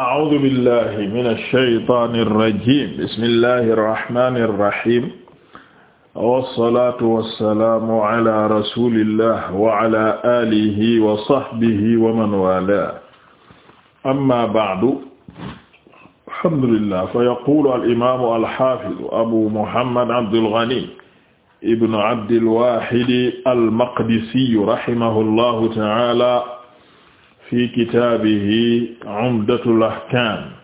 أعوذ بالله من الشيطان الرجيم بسم الله الرحمن الرحيم والصلاة والسلام على رسول الله وعلى آله وصحبه ومن والاه أما بعد الحمد لله فيقول الإمام الحافظ أبو محمد عبد الغني ابن عبد الواحد المقدسي رحمه الله تعالى fi kitaabihi Umdatul Ahkaam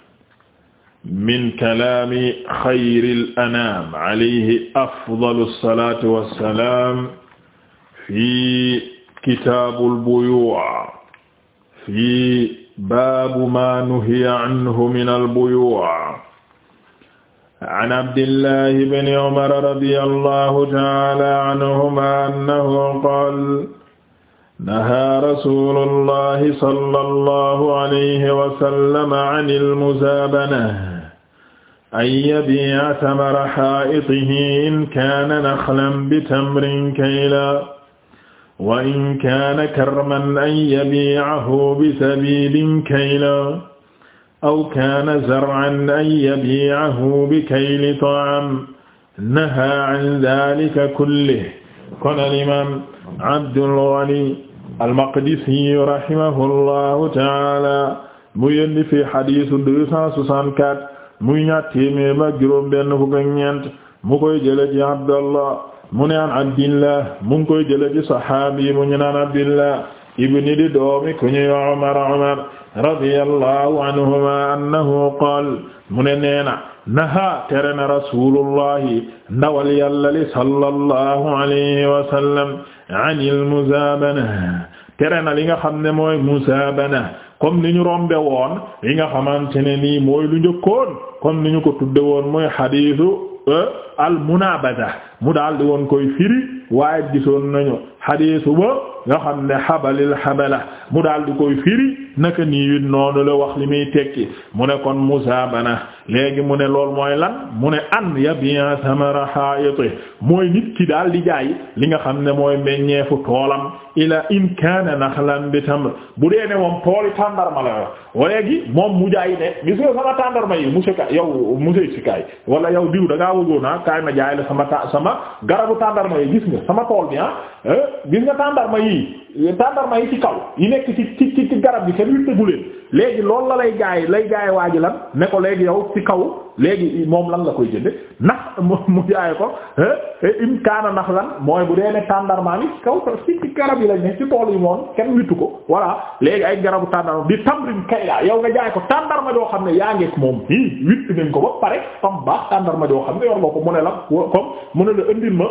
min kalaami xayril anaam alayhi afdalu salaatu wa salaam fi kitaabil buyuu' fi baabu maa nuhiya anhu minal buyuu' an Abdillahi ibni Umar radiyallahu ta'aala anhumaa annahu qaala nahaa rasuulullahi sallallahu alayhi wa sallam anil muzaabana an yabii'a tamara haa'itihi in kaana naxlan bitamrin kayla wa in kaana karman an yabii'ahu bisabiibin kayla aw kaana zar'an an yabii'ahu bikayli ta'am nahaa an dhaalika kullihi kon al imaam Abdul Ghani al-Maqdisi rahimahullahu taala mu yendi fi hadisu deux cent soixante-quatre muy ñaar téeméer ba juróom benn fukk ak ñeent mu koy jële ci Abdallah mu ne an Abdillah mu ngi koy jële ci sahaabi mu ñu naan Abdillah ibni di doomi ku ñuy Umar Umar radiyallahu anhuma annahu qaal mu ne neena naha tere na rasulullahi ndawal yàlla li sallallahu alayhi wa sallam anil muzaabana tere na li nga xam ne mooy muzaabana comme ni ñu rombe woon yi nga xamante ne nii mooy lu njëkkoon comme ni ñu ko tudde woon mooy xadiisu euh, al munaabaza mu daal woon koy firi waaye gisoon nañu xadiisu ba nga xam ne xabalil xabala mu daal di koy firi naka nii noonu la wax li muy tekki mu ne kon musaabana léegi mu ne lool mooy lan mu ne an yabi'a samara haayiti mooy nit ki daal di jaay li nga xam ne mooy meññeefu toolam ila in kaana naxlan bi tamr bu dee ne moom tooli tàndarma la wa léegi moom mu jaay ne gis nga sama tàndarma yi mu Ka yow monsieur Sikaay wala yow diw da ngaa wëggoon ah kaay ma jaay la sama ta sama garabu tàndarma yi gis nga sama gis nga tàndarma yi tàndarma yi ci kaw yi nekk ci ci ci garab yi kenn yu leen léegi loolu la lay jaay lay jaay waa ji lan ne ko léegi yow ci kaw léegi moom lan la koy jënde nax mu jaay ko im kaana nax lan mooy bu dee ne tàndarma mi kaw ci ci garab yi lañ ne ci tool yi moom kenn wittu ko voilà léegi ay garabu tàndarma di tamrin kayla yow nga jaay ko tàndarma doo xam ne yaa ngeek moom hii witt nañ ko ba pare am baax tàndarma doo xam ne yor nga ko mu ne la comme mu ne la indil ma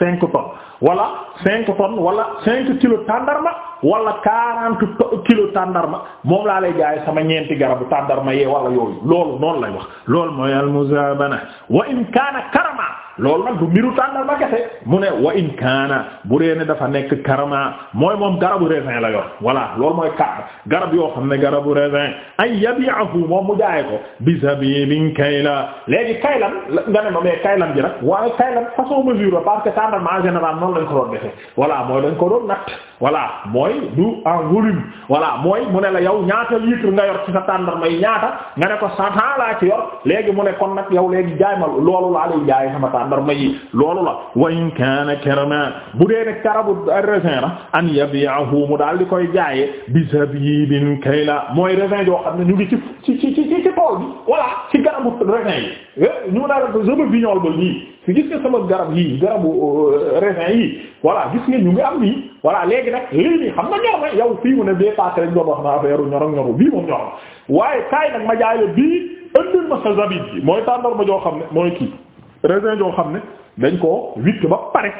cinq tonnes wala cinq tonnes wala cinq kilos tàndarma wala quarante kilos tàndarma moom laa lay jaay sama ñeenti garabu tàndarma yee wala yooyu loolu noonu lay wax loolu mooy al muzaabana wa karama loolu nag du mbiru tàndal ba kese mu ne wa in bu dee ne dafa nekk karama mooy moom garabu raisin la yor voilà loolu mooy kar garab yoo xam ne garabu raisin ay yabi'ahu moom mu jaay ko bi zabibin kayla léegi kaylan nga ne ma mais kaylan ji nag waaye kaylan façon mesure parce que tàndal ma en général noonu lañ ko doon defee voilà mooy lañ ko doon natt voilà mooy du en volume mooy mu ne la yow ñaata litre nga yor ci sa tàndarma yi ñaata nga ne ko cent ci yor léegi mu ne kon nag yow léegi jaay ma loolu laa lay loolu la wa in kaana karaman bu dee ne karabu raisin la an yabi'ahu daal di koy jaaye bi zabibin kayla mooy raisin yoo xam ne ñu ngi ci ci ci ci ci tool bi voilà ci garabu raisin yi eh, ñu naa rek sama vignol ba lii si garab yi garabu euh, raisin yi voilà gis nga ñu ngi am nii voilà léegi nag lii nii xam nga ñor na fii mu ne bee passé lañ doon wax na affaire ñor ak bii moom ñor waaye kaay nag ma jaaye bii ëndil ma sa zabib bi mooy ma joo mooy kii raisin joo xam ne dañ ko witt ba pare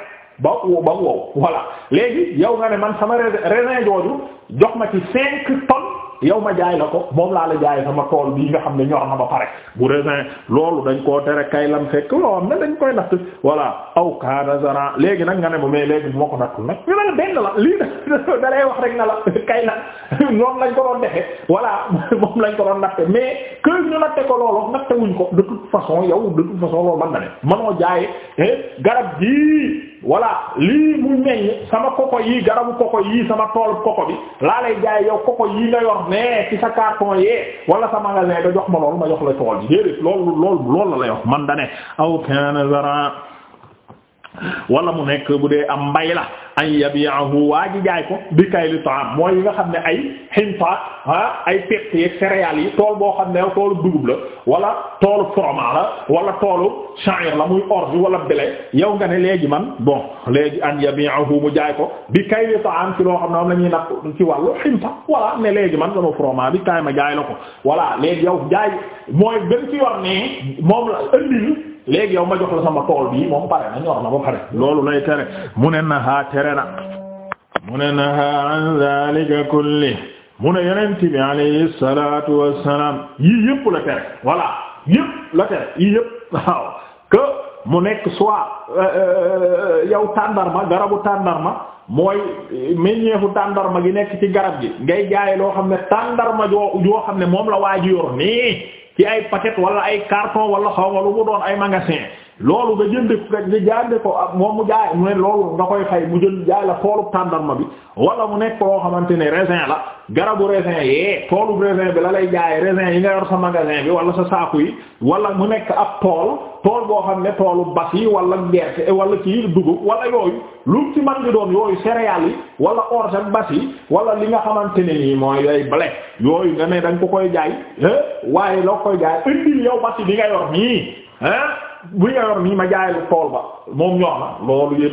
ba wow ba wow voilà léegi yow nga ne man sama raisin jooju jox ma ci cinq tonnes yow ma jaay la ko moom laa la jaay sama tool bii nga xam ne ñor na ba pare bu raisin loolu dañ koo tere kay lam fekk loo dañ koy natt voilà aw kaana zara léegi nag nga ne ma mais léegi bu ma ko nattul nag ñu ne la benn la wax rek na la kay nag noonu lañ ko doon defe voilà moom lañ ko doon natte mais que ñu natte ko loolu natte wuñ ko de toute façon yow man na ne manoo jaaye eh, garab gii voilà lii mu meññ sama koko yi garabu koko yii sama toolu koko bi laa lay jaay yow koko yi nga yor mais ci sa carton yee wala sa magasin da jox ma loolu ma jox la tool yi déedéet loolu loolu loolu la lay wax man da ne aw kana zara wala mu nekk bu dee am mbay la an yabi'ahu waa ji jaay ko bi kay li ta'am mooy yi nga xam ne ay xinta ah ay perte yeeg céréales yi tool boo xam ne toolu dugub la wala toolu froment la wala toolu sha'ir la muy orge wala blé yow nga ne léegi man bon léegi an yabi'ahu mu jaay ko bi kay li ta'am ci loo xam ne moom la ñuy nag ci wàllu xinta voilà ne léegi man sama froment bi kay ma jaay la ko voilà léegi yow jaay mooy benn ci yor ne moom la ëndi léegi yow ma jox la sama tool bii moom pare na ñor na ba pare loolu lay tere mu ne naha tere na mu ne naha an zalika kulli mu ne yonent bi alayhi salatu wassalam yii yëpp la tere voilà yëpp la tere yii yëpp waaw mu nekk soit euh, euh, yow tàndarma garabu tàndarma mooy meññeefu tàndarma gi nekk ci garab gi ngay jaay loo xam ne tàndarma joo xam ne moom la waa ji ci ay paquet wala ay carton wala xaw ma lu mu doon ay magasin loolu nga jënd rek nga ko ak moom mu jaay mu ne loolu nga koy xay mu jël jaay la toolub ma bi wala mu nekk loo xamante ne raisin la garabu raisin yi toolub raisin bi la lay jaay raisin yi nga yor sa magasin bi wala sa saaku yi wala mu nekk ab tool tool boo xam ne toolu bas yi wala gerte wala ci dugub wala yooyu lu ci man di doon yooyu céréales yi wala orge ak bas yi wala li nga xamante ne nii mooy lay blé yooyu nga ne da ko koy jaay waaye loo koy jaay yow bas yi di bu yor nii ma jaay lu tool ba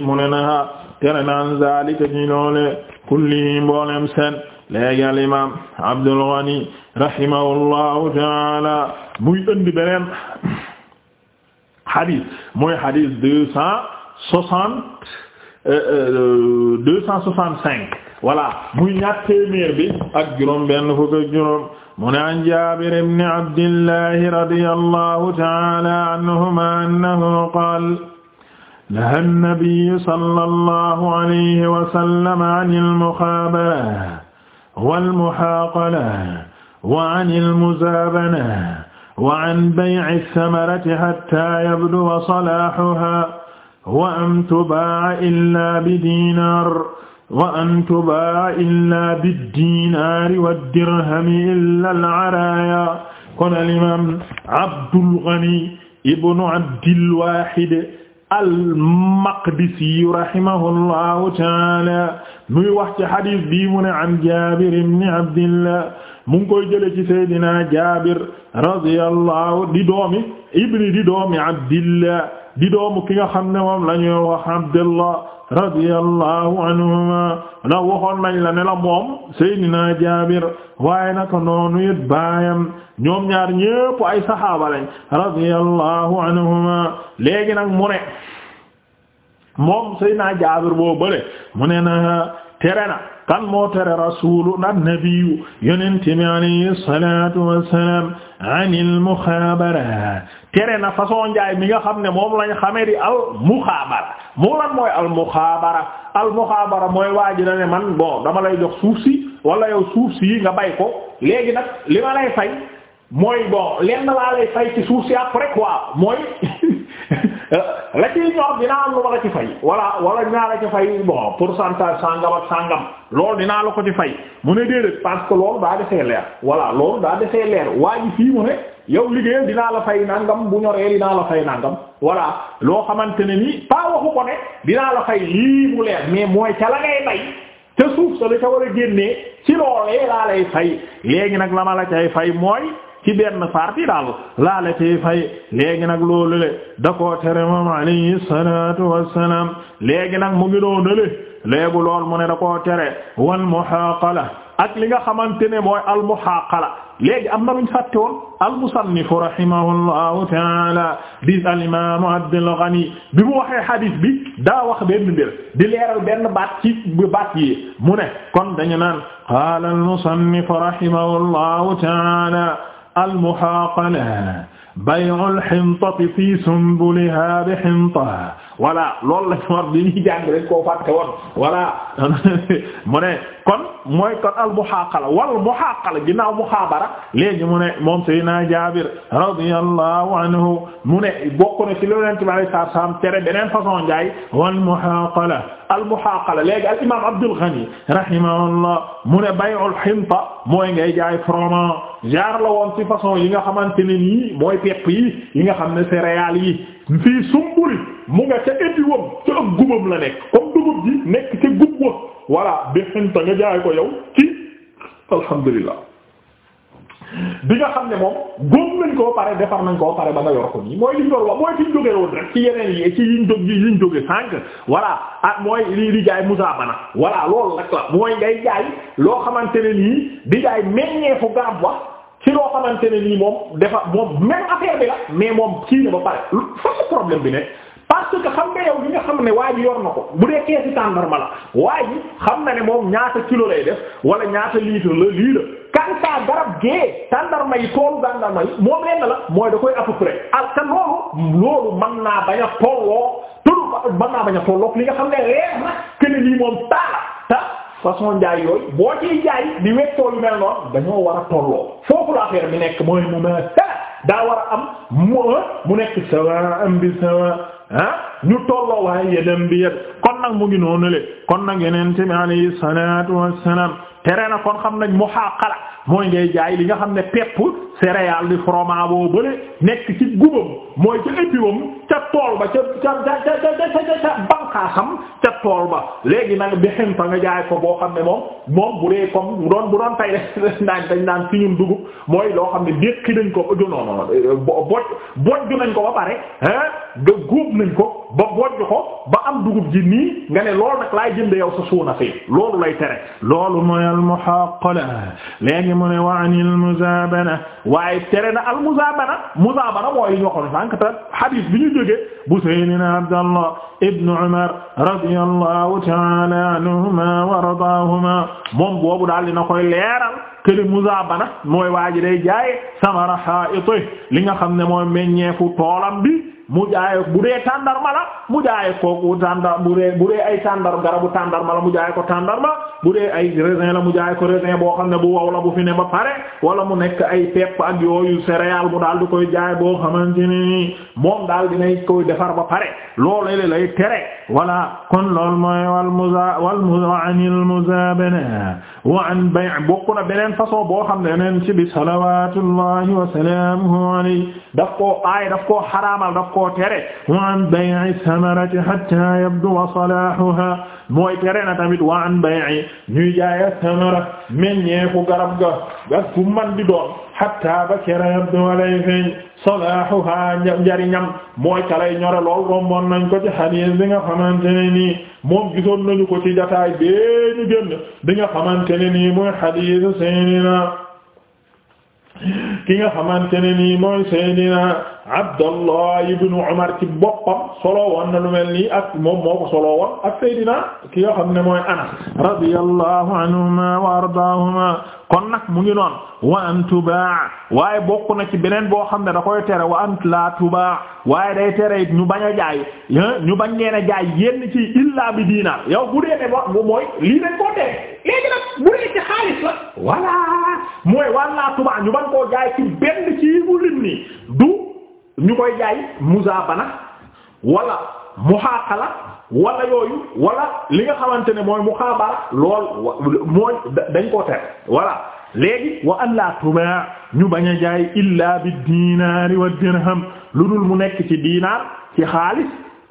mu ne na ha tere naan zalika ñi loole kulli mboolem seen imam Abdul Ghani rahimahullahu taala muy indi beneen hadith mooy hadith deux cent soixante euh, euh, deux cent soixante cinq voilà muy ñaar téeméer bi ak juróom benn fukk ak juróom mu ne an Jaabir ibn Abdillahi radiyallahu ta'ala anhuma annahu qaala nahaa an-nabiyyu sallallahu alayhi wa sallam anil muxaabara wal muhaaqala wa anil muzaabana wa an bay'i ath-thamarati hattaa yabluwa salaahuhaa wa an tubaa'a illaa bi diinaar wa an tubaa illaa biddinaari waddirhami illaa alaraaya kon alimam Abdul Ghani ibnu Abdil Waahid al-Maqdisi rahimahullahu taala muy wax ci xadis bii mu ne an Jaabir ibn Abdillah mu ngi koy jële ci Seydina Jaabir radiyallahu di doomi ibni di doomi Abdillah di doomu ki nga xam ne moom la ñuy wax Abdullah radiyallahu anhuma na waxoon nañ la ne la moom Seydina Jaabir waaye naka noonu it baayam ñoom ñaar ñépp ay saxaaba lañ radiyallahu anhuma léegi nag mu ne moom naa Jaabir boo bële mu ne na tere na kan moo tere rasulu na nabiyu yonent bi alayhi salatu wassalam anil na façon njaay mi nga xam ne moom lañ xamee di al muxaabara moo lan mooy al muxaabara al muxaabara mooy waa ne man bon dama lay jox suuf si wala yow suuf si nga bay ko léegi nag li lay fay mooy bon lenn laa lay fay ci suuf si après quoi mooy la ciy ñor dinaa am lu ma la ci fay wala wala dinaa la ci fay bon pourcentage sangam ak sangam loolu dinaa la ko ci fay mu ne déedéet parce que loolu daa defee leer voilà loolu daa defee leer waa ji fii mu ne yow liggéeyal dinaa la fay nangam bu ñoree dinaa la fay nangam voilà loo xamante ne nii pas ko ne dinaa la fay lii mu leer mais mooy ca la ngay bay te suuf sa la ca war a génnee ci loolee laa lay fay léegi nag la ma la cay fay mooy. ci benn parti daal laale ci fay léegi nag loolu le da koo tere moom alayhi salaatu wassalaam léegi nag mu ngi doon le léegi lool mu ne da koo tere wal muhaaqala ak li nga xamante ne mooy al muhaaqala léegi am na luñ fàtte woon al musannifu rahimahullahu taala di al imam Abdul Ghani bi mu waxee hadis bi daa wax benn mbir di leeral benn baat ci baat yi mu ne kon dañu naan qaala al musannifu rahimahullahu taala al-muhaaqala bay'u al-hintati fi sunbuliha bi hinta voilà loolu la war bi ñuy jàng rek koo fàtte kon mooy kon al muhaaqala wal muhaaqala ginnaaw muhaabara léegi mu ne moom Seydina Jaabir radiyallahu anhu mu ne bokk na ci Yonent bi alayhi salaam tere beneen façon njaay wal muhaaqala al muhaaqala léegi al imaam Abdul Ghani rahimahullah mu ne bay'ul hinta mooy ngay jaay froment jaar la woon ci yi nga xamante ne nii mooy pepp yi yi nga xam ne céréales yi fii sumbuli mu nga ca étiwam ca ak gubam la nekk comme dugub ji nekk ca gub wa voilà bi xinta nga jaay ko yow ci alhamdulilah bi nga xam ne moom góom nañ koo pare defar nañ koo pare ba nga yor ko nii mooy liñ doon wax mooy fiñ jóge woon rek ci yeneen yi ci yiñ jóg yiñ jóge sànq voilà ah mooy lii di jaay musaabana voilà loolu rek la mooy ngay jaay loo xamante ne nii di jaay meññeefu garab wax ci loo xamante ne nii moom defa moom même affaire bi la mais moom kii na ba pare fa problème bi ne parce que xam nga yow li nga xam ne waa ji yor na ko bu dee keesi tàndarma la waa ji xam na ne moom ñaata kilo lay def wala ñaata litre la lii la kantaa garab gee tàndarma yi toolu tàndarma yi moom lenn la mooy da koy à peu près loolu loolu mën naa bañ a tolloo tolu mën naa bañ a li nga xam ne leer na kene lii moom taala façon njaay yooyu boo ciy jaay di wettoo yu mel noonu dañoo war tolloo foofu la affaire bi nekk mooy mu ma daa war a am mu mu nekk sawa am bi sawa ah ñu tolloo waaye yedem bi yet kon nag mu ngi noonu le kon nag yeneen bi alayhi salaatu wassalaam tere na kon xam nañ xaa muhaaqala mooy ngay jaay li nga xam ne pepp céréale di froment boo bële nekk ci gubam mooy ca épiwam ca tool ba ca ca ca ca ca banqaasam ca tool ba léegi nag bi xinta nga jaay ko boo xam ne moom moom bu dee comme bu doon bu doon tay de naan dañ naan fi ñun dugub mooy loo xam ne déqi nañ ko non non boj bo nañ ko ba pare ah da góob nañ ko ba bojju ko ba am dugub ji nii nga ne loolu nag laay jënde yow sa lay tere loolu mooy almuhaqala léegi mu ne wa anil muzaabana waaye tere na al muzaabana muzaabana mooy ñoxoon sànq ta hadith bi ñu jógee bu sayyidina Abdallah ibn Umar radiyallahu ta'ala anhuma wa radaahuma moom boobu daal dina koy leeral mooy waa ji day jaaye li nga xam ne mooy meññeefu toolam bi mu jaayee bu dee tàndarma mu jaayee kooku tàndar bu dee bu dee ay tàndar garabu tàndarma la mu jaay ko tàndarma bu dee ay raisin la mu jaayee ko raisin boo xam ne bu wow la bu fi ne ba pare wala mu nekk ay pepp ak yooyu céréale mu daal di koy jaay boo xamante ne nii moom daal dinay koy defar ba pare loolu la lay tere voilà kon loolu mooy wal muza wal muza anil muzabana wa an bay' bokk na beneen façon boo xam ne yeneen ci bi salawatullahi wa salamuhu alayhi daf koo aay daf koo xaraamal tere wa an bay'i samarati hatta yabdu salahuha mooy tere na tamit wa an bay'i ñuy jaaya samara meññeeku garab ga ak fu man di doon hatta ba kera yabdu alay feeñ salahuha njariñam mooy kalay ñore lool romboon nañ ko ci hadith bi nga xamante mooy hadith sayyidina ki nga xamante ne nii mooy Seydina Abdallah ibn Umar ci boppam solo woon na lu mel nii ak moom moo ko solo ak Seydina ki nga xam ne mooy Anas radiyallahu anhuma wa ardaahuma kon nag mu ngi noon wa an tubaa waaye bokk na ci beneen boo xam ne da koy tere wa an la tubaa waaye day tere it ñu bañ a jaay ñu bañ leen a jaay yenn ci illa bi diinaar yow bu dee ne bo mooy lii dañ koo tere léegi nag bu dee ci xaalis la walla mooy walla tubaa ñu bañ koo jaay benn ci mu lim nii du ñu koy jaay muzaabana wala muhaaqala wala yooyu wala li nga xamante ne mooy muxaabara lool mooy dañ koo tere voilà léegi wa an la tumaa ñu bañ a jaay illa bi dinaari wa dirham lu dul mu nekk ci diinaar ci xaalis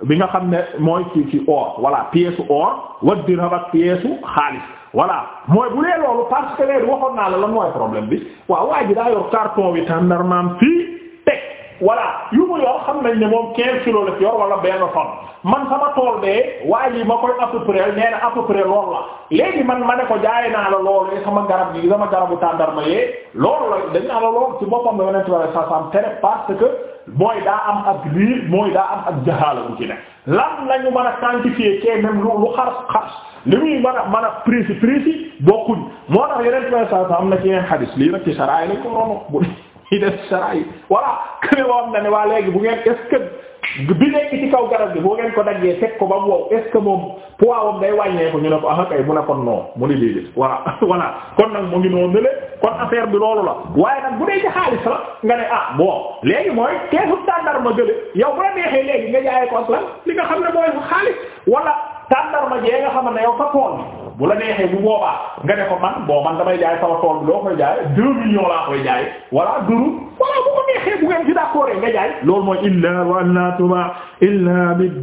bi nga xam ne mooy ci ci or voilà pièce or wa dirham ak pièce xaalis voilà mooy bu dee loolu parce que léegi waxoon naa la lan mooy problèm bi waaw waa ji daa yor carton bi tàndar naam fii teg voilà yu mu yor xam nañ ne moom 15 kilos la ci yor wala benn tonne man sama tool bee waa ji ma koy à peu près nee na à peu près la léegi man ma ne ko jaay naa la loolu sama garab gi sama garabu tàndar ma yee loolu la dañ naa la lool ci boppam la yonent bi sallallahu alayhi wasallam tere parce que. mooy daa am ak di mooy daa am ak jaxaala bu ci ne lan lañu mën a quantifier kee même lu lu xar xar li muy ma a mën a précis précis bokkuñ moo tax yeneen précis am na ci yeneen xadis lii nag ci saraay lañ ko rono bu ñuy def sara yi voilà këne loo ne ne waa léegi bu ngeen est-ce bi nekk ci kaw garab gi boo ngeen ko daggee teg ko ba mu wow est-ce que moom poids wam day wàññee ko ñu ne ko ah kay mu ne kon non mu ne déedéet voilà voilà kon nag mu ngi noonu ne kon affaire bi loolu la waaye nag bu dee ci xaalis la nga ne ah bon léegi mooy keesu tàndarma gële yow bu la neexee léegi nga jaayee ko ak lan li nga xam ne mooy xaalis wala tàndarma jee nga xam ne yow fa tool bu la neexee bu boobaa nga ne ko man bon man damay jaay sama tool bi loo koy jaay deux laa koy jaay voilà duru voilà bu ko neexee bu ngeen ci d'accord nga jaay loolu mooy illa wa la tuba illa bid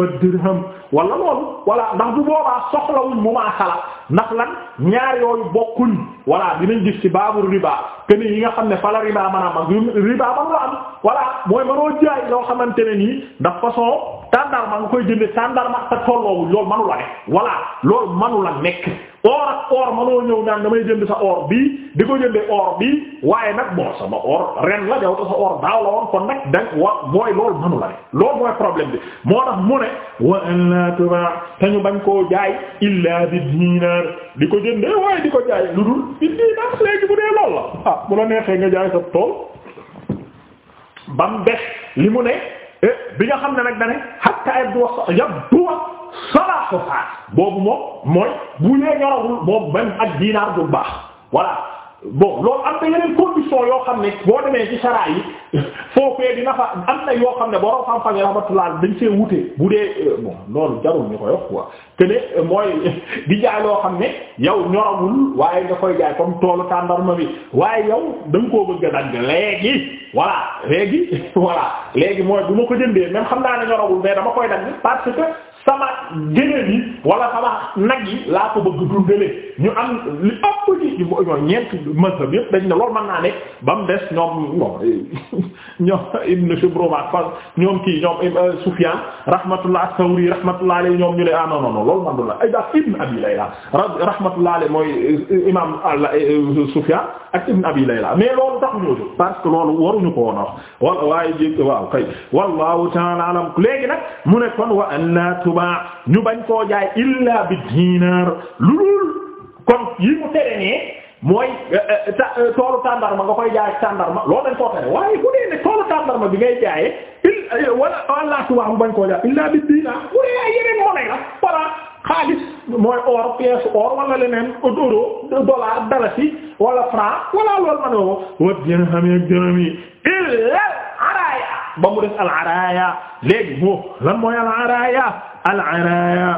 wa dirham wala loolu voilà ndax bu boobaa soxlawuñ mu maa xalaat ndax lan ñaar yooyu bokkuñ voilà dinañ gis ci baabu riba que ni yi nga xam ne fa la riba maanaam ak riba man la am xamante ne nii ndax façon tàndarma nga koy jënde tàndarma te tolloowul loolu manu la ne voilà loolu manu la nekk or ak or manoo ñëw naan damay jënd sa or bii di ko jënde or bii waaye nag bon sama or ren la yow ta da wa mooy loolu manu la ne loolu mooy problème bi moo tax mu ne wa an la tuba te ñu bañ koo jaay illa bi dinar di ko jëndee waaye di ko jaay lu dul bi dii léegi bu dee lool la ah bu la neexee nga jaay sa tool bam des li mu ne eh, bi nga xam ne nag dane hatta yabdu yabdu salahuha boobu moom mooy bu lee ñorowul boobu même ak diinaar bu baax voilà bon loolu am na yeneen condition yoo xam ne boo demee ci saraa yi foofee dina fa am na yoo xam ne borom xam-xam yi rahmatullah dañ see wute bu dee euh, bon loolu jarul ñu koy wax quoi que ne euh, mooy di jaay loo xam ne yow ñorawul waaye nga koy jaay comme toolu tàndarma bi waaye yow da nga koo bëgg a dagg léegi voilà léegi voilà léegi mooy bu ma ko jëndee même xam naa ne ñorawul mais dama koy dagg parce que sama généel yi wala sama nag yi laa ko bëgg dundale ñu am li ëpp ci ñoom ñeenti mazhab yëpp dañ ne loolu mën naa ne ba mu des ñoom bon ñoom Ibn Shubrumat fa ñoom kii ñoom euh, Sufyan rahmatullah as-Sawri rahmatullah alayhi ñoom ñu ne ah non non non loolu man du la ay daal Ibn Abi Layla rahmatullah alayhi mooy euh, imam euh, Sufyan ak Ibn Abi Layla mais loolu tax ñu jóg parce que loolu waruñu ko woon wax wala waaye jéeg waaw kay wallahu ta'ala alam léegi nag mu ne kon wa anna tuba ñu bañ koo jaay illa bi dinar lu dul kon yi mu tere nee mooy euh, euh, euh, toolu tàndarma nga koy jaay tàndarma loolu dañ koo tere waaye bu dee ne toolu tàndarma bi ngay jaayee il wala wala tuba mu bañ koo jaay illa bi dinar bu dee ay yeneen monnaie la para xaalis mooy or pièce or wala leneen euro dollar dalasi wala franc wala loolu ma ne wo wat jën xamee ak jërëm ba mu des al-araaya léegi moo lan mooy al-araaya al-araaya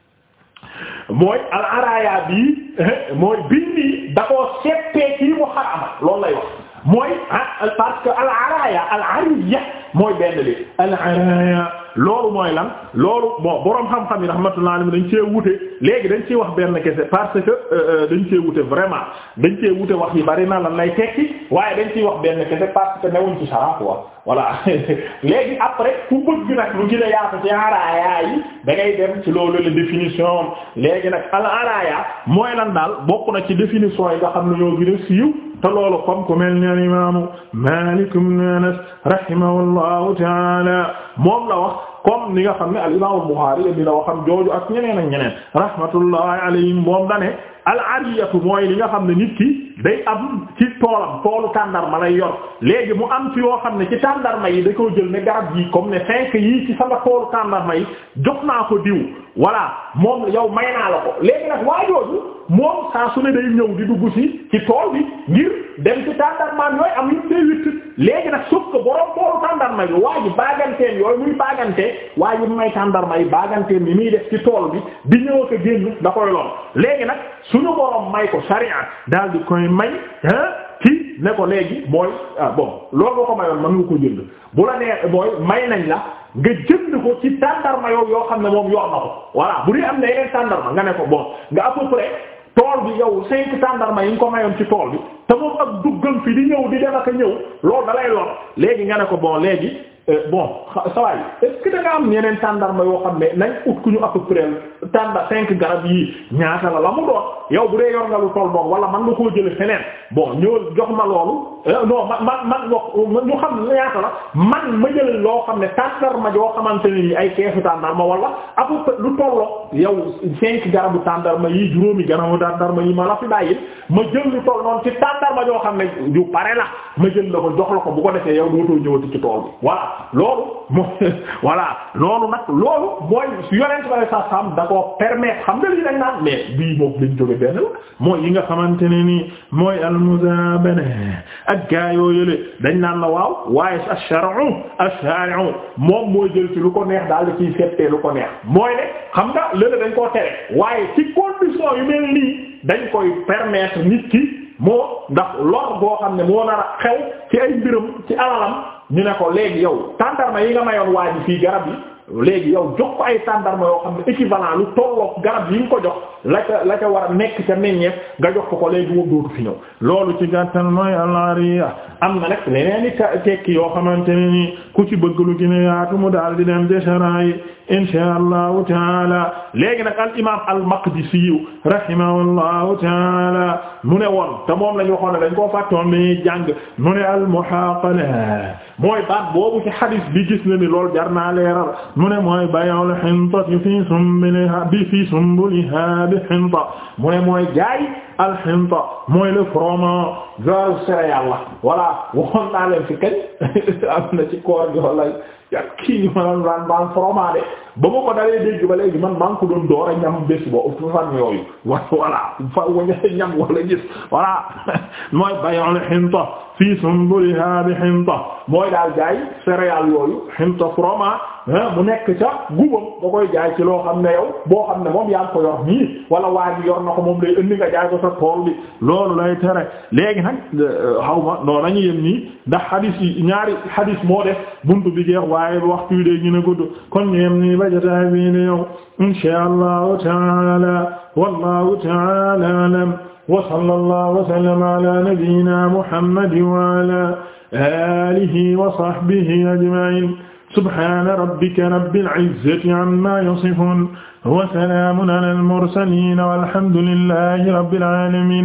mooy al-araaya bi mooy bindi da koo seppee mu xarama loolu lay mooy ah, parce que al-araaya al-ariya mooy benn li al-araaya loolu mooy lan loolu bon boroom xam-xam yi rahmatullah alayhi dañ cee wute léegi dañ ciy wax benn kese parce que euh, euh, dañ cee wute vraiment dañ cee wute wax yi bari na lan lay tekki waaye dañ ciy wax benn kese parce que newuñ ci sara quoi voilà léegi après ku bëgg nag lu gën a yaatu ci araaya yi da dem ci loolu la définition léegi nag al-araaya mooy lan daal bokk na ci définition yi nga xam ne ñoo gën a siiw te loolu comme ku mel ni al imaamu Maalik ibn Anas rahimahullahu taala moom la wax comme li nga xam ne al imaamu Buxaari dina waxam jooju ak ñeneen ak ñeneen rahmatullahi alayhim moom da ne al ariyatu mooy li nga xam ne nit ki day am ci toolam toolu tàndarma lay yor léegi mu am ci yoo xam ne ci tàndarma yi da koo jël ne garab yi comme ne cinq yii ci sama toolu tàndarma yi jox naa ko diw voilà moom yow may naa la ko léegi nag waa jooju moom saa su ne day ñëw di dugg si ci tool bi ngir dem ci tàndarmaan yooyu am lim day witt léegi nag suuf ko borom boolu tàndarma yi waa ji waa ji may tàndarma yi baaganteem yi muy def ci tool bi di ñëw ak a génn da koy lool léegi nag su suñu borom may ko sariya daal di koy may kii ne ko léegi mooy ah, bon loolu ko mayoon mën nga ko jënd bu la nee mooy may nañ la nga jënd ko ci tàndarma yow yoo xam ne moom yor na ko voilà bu dee am na yeneen tàndarma ne ko bon tool bi yow cinq tàndarma yi nga ko mayoon ci tool bi te moom ak duggal fi di ñëw di dem ak a ñëw loolu da lay léegi nga ne ko bon léegi euh, bon sawaay est-ce que da am yeneen tàndarma yoo xam ne nañ ut ku ñu ak peu près tàndar cinq garab yi ñaata la la mu doon yow bu dee yor nga lu tool doon wala man nga koo jële feneen bon ñëw jox ma loolu Euh, non man ma ma ñu xam ñaata la man ma jël loo xam ne tàndarma joo xamante ne nii ay keesu tàndarma wala à peu près lu tolloo yow cinq garabu ma yi juróomi garabu tàndarma yi ma la fi bàyyi ma jël lu toll noonu ci tàndarma joo xam ne ju pare la ma jël la ko jox la ko bu ko defee yow dootoo ñëwati ci tool bi voilà loolu mo voilà loolu nag loolu mooy yonent ba sa sam da ko permettre xam nga lii dañ naan mais bii boobu lañ jóge benn la mooy yi nga xamante ne nii mooy almuzaabana ak gaa yoo dañ naan la waaw waaye ash-shar'u ash-shari'u moom mooy jël ci lu ko neex daal di ciy settee lu ko neex mooy ne xam nga léegi dañ koo tere waaye ci condition yu mel nii dañ koy permettre nit ki moo ndax lor goo xam ne moo nar a ci ay mbiram ci alalam ñu ne ko léegi yow tàndarma yi nga mayoon waa ji fii garab yi léegi yow jox ko ay tàndarma yoo xam ne équivalent lu tollook garab yi nga ko jox. la ca la ca war a nekk ca meññeef nga jox ko ko léegi moom dootu loolu ci gàttal mooy alaria am na nag tekki yoo xamante ne ni ku ci bëgg lu a mu daal di dem desara yi insha allahu taala léegi nag al imam al maqdisi rahimahullahu taala mu ne woon te moom lañu waxoon ne dañ koo fàttoon dañuy jàng mu ne al mooy baat boobu ci xadis bi gis na ni loolu mu ne mooy bay'ul hintati fi sumbuliha bi bi xinta mu ne mooy jaay alxinta mooy le froment genre céréale la voilà waxoon naa leen fi kañ am na ci koor gi walla ak kii ñu ma doon daan maa ngi foromaale ba ma ko dalee dégg ba léegi man maa ngi ko doon door a ñam bés boo fa fan yooyu voilà fa wala ñam wala gis voilà mooy bay'ul hinta fii sunbuliha bi hinta mooy daal jaay céréales yooyu hinta fromage mu nekk ca gubam ba koy jaay ci loo xam ne yow boo xam ne moom yaa ngi ko yor nii wala waa ji yor na ko moom lay indi nga jaay ko sa tool bi loolu lay tere léegi nag euh, xaw ma noonu la yem nii ndax hadith ñaari hadith moo def buntu bi jeex waaye waxtu wi de gëna gudd kon ñeem ni ba jotaay bi ne yow inshaa allahu taala wallahu taala alam wa sallallahu wa sallama ala nabiyyina muhammadin wa ala alihi wa sahbihi ajma'in subhana rabbika rabbil izzati amma yasifun wa salamun ala al mursalin walhamdulillahi rabbil alamin